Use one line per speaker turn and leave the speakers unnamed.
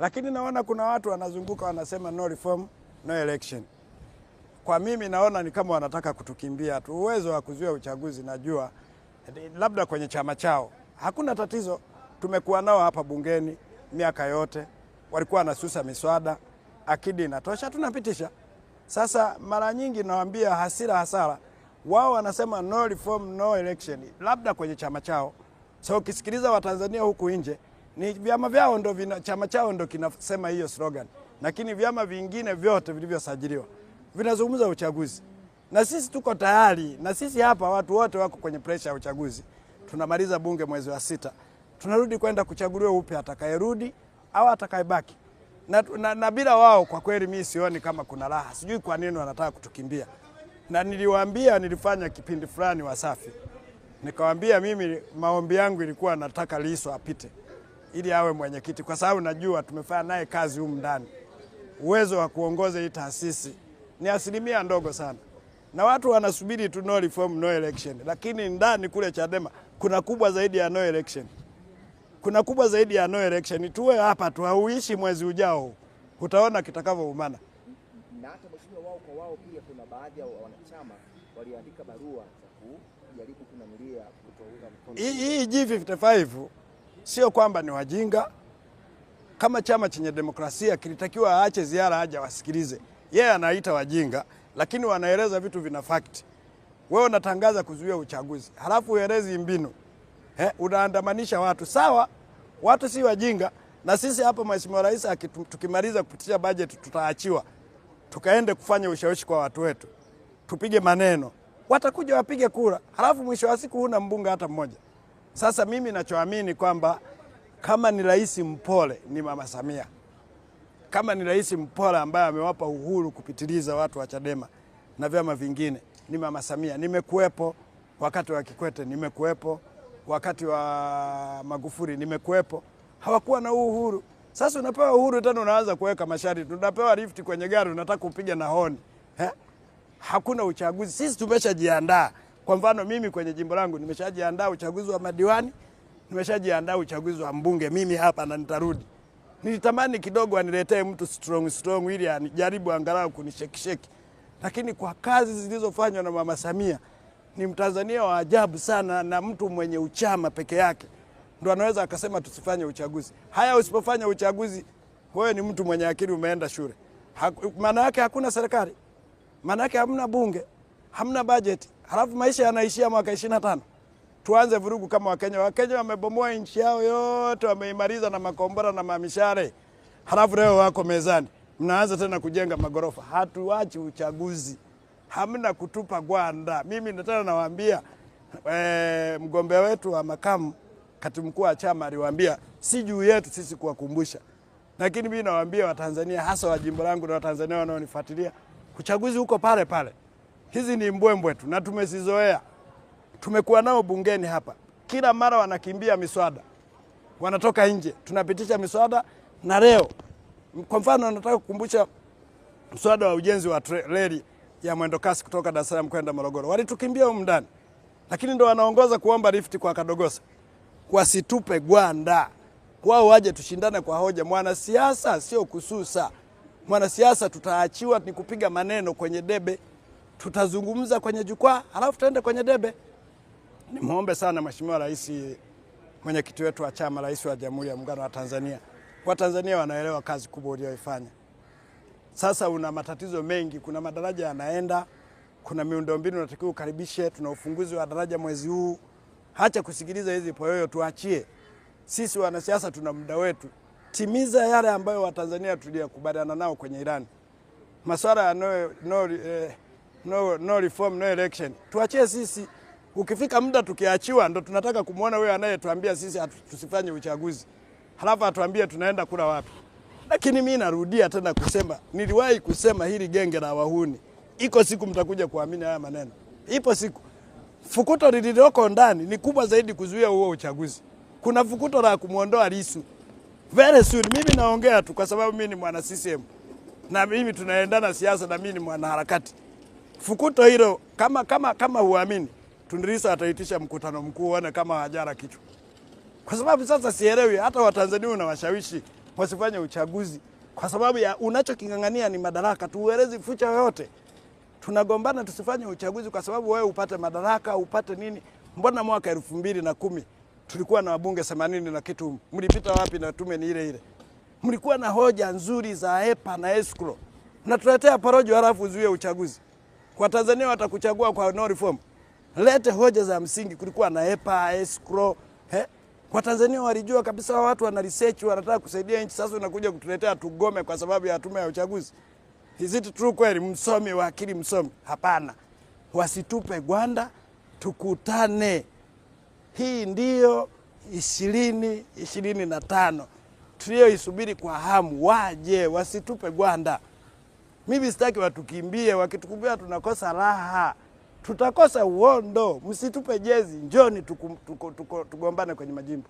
Lakini naona kuna watu wanazunguka wanasema no reform, no election. Kwa mimi naona ni kama wanataka kutukimbia tu. Uwezo wa kuzuia uchaguzi najua, eh, labda kwenye chama chao hakuna tatizo. Tumekuwa nao hapa bungeni miaka yote, walikuwa wanasusa miswada, akidi inatosha, tunapitisha. Sasa mara nyingi nawaambia, hasira hasara, wao wanasema no reform, no election, labda kwenye chama chao. So ukisikiliza Watanzania huku nje ni vyama vyao ndo vina, chama chao ndo kinasema hiyo slogan, lakini vyama vingine vyote vilivyosajiliwa vinazungumza uchaguzi, na sisi tuko tayari, na sisi hapa watu wote wako kwenye presha ya uchaguzi. Tunamaliza bunge mwezi wa sita, tunarudi kwenda kuchaguliwa upya atakayerudi au atakayebaki na, na, na bila wao kwa kweli mimi sioni kama kuna raha. Sijui kwa nini wanataka kutukimbia, na niliwaambia, nilifanya kipindi fulani Wasafi, nikawaambia mimi maombi yangu ilikuwa nataka Lissu apite ili awe mwenyekiti, kwa sababu najua tumefanya naye kazi humu ndani. Uwezo wa kuongoza hii taasisi ni asilimia ndogo sana, na watu wanasubiri tu no reform no election, lakini ndani kule Chadema kuna kubwa zaidi ya no election, kuna kubwa zaidi ya no election. Tuwe hapa tu, hauishi mwezi ujao, utaona kitakavyoumana.
Na hata mheshimiwa, wao kwa wao pia kuna baadhi ya wanachama waliandika barua za kujaribu kunamilia
kutounga mkono hii G55 Sio kwamba ni wajinga. Kama chama chenye demokrasia kilitakiwa aache ziara, aje wasikilize. Yeye yeah, anaita wajinga, lakini wanaeleza vitu vina fact. Wewe unatangaza kuzuia uchaguzi, halafu uelezi mbinu He, unaandamanisha watu. Sawa, watu si wajinga, na sisi hapa Mheshimiwa Rais tukimaliza kupitisha bajeti tutaachiwa tukaende kufanya ushawishi kwa watu wetu, tupige maneno, watakuja wapige kura, halafu mwisho wa siku huna mbunge hata mmoja. Sasa mimi nachoamini kwamba kama ni rais mpole ni Mama Samia, kama ni rais mpole ambaye amewapa uhuru kupitiliza watu wa Chadema na vyama vingine ni Mama Samia. Nimekuwepo wakati wa Kikwete, nimekuwepo wakati wa Magufuli, nimekuwepo. Hawakuwa na uhuru. Sasa unapewa uhuru tena unaanza kuweka masharti, unapewa lift kwenye gari, unataka kupiga na honi Hakuna uchaguzi. Sisi tumeshajiandaa. Kwa mfano mimi kwenye jimbo langu nimeshajiandaa uchaguzi wa madiwani, nimeshajiandaa uchaguzi wa mbunge mimi hapa na nitarudi. Nilitamani kidogo aniletee mtu strong strong ili anijaribu angalau kunishekisheki, lakini kwa kazi zilizofanywa na Mama Samia ni Mtanzania wa ajabu sana, na mtu mwenye uchama peke yake ndo anaweza akasema tusifanye uchaguzi. Haya, usipofanya uchaguzi wewe ni mtu mwenye akili, umeenda shule. Maana yake hakuna serikali, maana yake hamna bunge, hamna bajeti halafu maisha yanaishia mwaka ishirini na tano tuanze vurugu kama Wakenya. Wakenya wamebomoa nchi yao yote, wameimaliza na makombora na mamishare, halafu leo wako mezani, mnaanza tena kujenga magorofa. Hatuachi uchaguzi, hamna kutupa gwanda. Mimi tena nawaambia e, mgombea wetu wa makamu katibu mkuu wa chama aliwaambia, si juu yetu sisi kuwakumbusha, lakini mimi nawaambia Watanzania, hasa wa jimbo langu na Watanzania wanaonifuatilia, uchaguzi uko pale pale hizi ni mbwembwe tu na tumezizoea. Tumekuwa nao bungeni hapa, kila mara wanakimbia miswada, wanatoka nje, tunapitisha miswada. Na leo kwa mfano, nataka kukumbusha mswada wa ujenzi wa reli ya mwendokasi kutoka Dar es Salaam kwenda Morogoro, walitukimbia huko ndani, lakini ndo wanaongoza kuomba lifti kwa Kadogosa. Wasitupe gwanda, wao waje tushindane kwa hoja. Mwanasiasa sio kususa, mwanasiasa tutaachiwa ni kupiga maneno kwenye debe tutazungumza kwenye jukwaa, halafu tuende kwenye debe. Nimwombe sana Mheshimiwa Rais, mwenyekiti wetu wa chama, Rais wa Jamhuri ya Muungano wa Tanzania. Tanzania wanaelewa kazi kubwa uliyoifanya. Sasa una matatizo mengi, kuna madaraja yanaenda, kuna miundombinu unatakiwa ukaribishe, tuna ufunguzi wa daraja mwezi huu. Hacha kusikiliza hizi poyoyo, tuachie sisi wanasiasa, tuna muda wetu. Timiza yale ambayo Watanzania tuliyokubaliana nao kwenye ilani, masuala yanayo no, no, eh, no, no reform no election. Tuachie sisi, ukifika muda tukiachiwa, ndo tunataka kumwona wewe anayetuambia sisi tusifanye uchaguzi, halafu atuambie tunaenda kula wapi. Lakini mi narudia tena kusema, niliwahi kusema hili genge la wahuni, iko siku mtakuja kuamini haya maneno, ipo siku. Fukuto lililoko ndani ni kubwa zaidi kuzuia huo uchaguzi. Kuna fukuto la kumwondoa Lissu very soon. Mimi naongea tu kwa sababu mimi ni mwana CCM na mimi tunaendana siasa na mimi ni mwanaharakati fukuto hilo kama, kama, kama huamini Tundirisa ataitisha mkutano mkuu wana kama hajara kichwa, kwa sababu sasa sielewi hata Watanzania unawashawishi wasifanye uchaguzi kwa sababu ya unachoking'ang'ania ni madaraka. tu, uelezi fucha yoyote, tunagombana tusifanye uchaguzi kwa sababu wewe upate madaraka upate nini? Mbona mwaka elfu mbili na kumi tulikuwa na wabunge themanini na kitu, mlipita wapi? Na tume ni ile ile. Mlikuwa na hoja nzuri za EPA na escrow, mnatuletea porojo halafu uzuie uchaguzi. Watanzania watakuchagua kwa no reform. Lete hoja za msingi. Kulikuwa na EPA, escrow, eh? Watanzania walijua kabisa watu wana research, wanataka kusaidia nchi. Sasa unakuja kutuletea tugome kwa sababu ya tume ya uchaguzi. Is it true kweli? Msomi wa akili msomi? Hapana, wasitupe gwanda, tukutane. Hii ndiyo ishirini ishirini na tano tuliyoisubiri kwa hamu. Waje wasitupe gwanda. Mimi sitaki watukimbie, wakitukumbia tunakosa raha, tutakosa uondo. Msitupe jezi, njoni tugombane kwenye majimbo.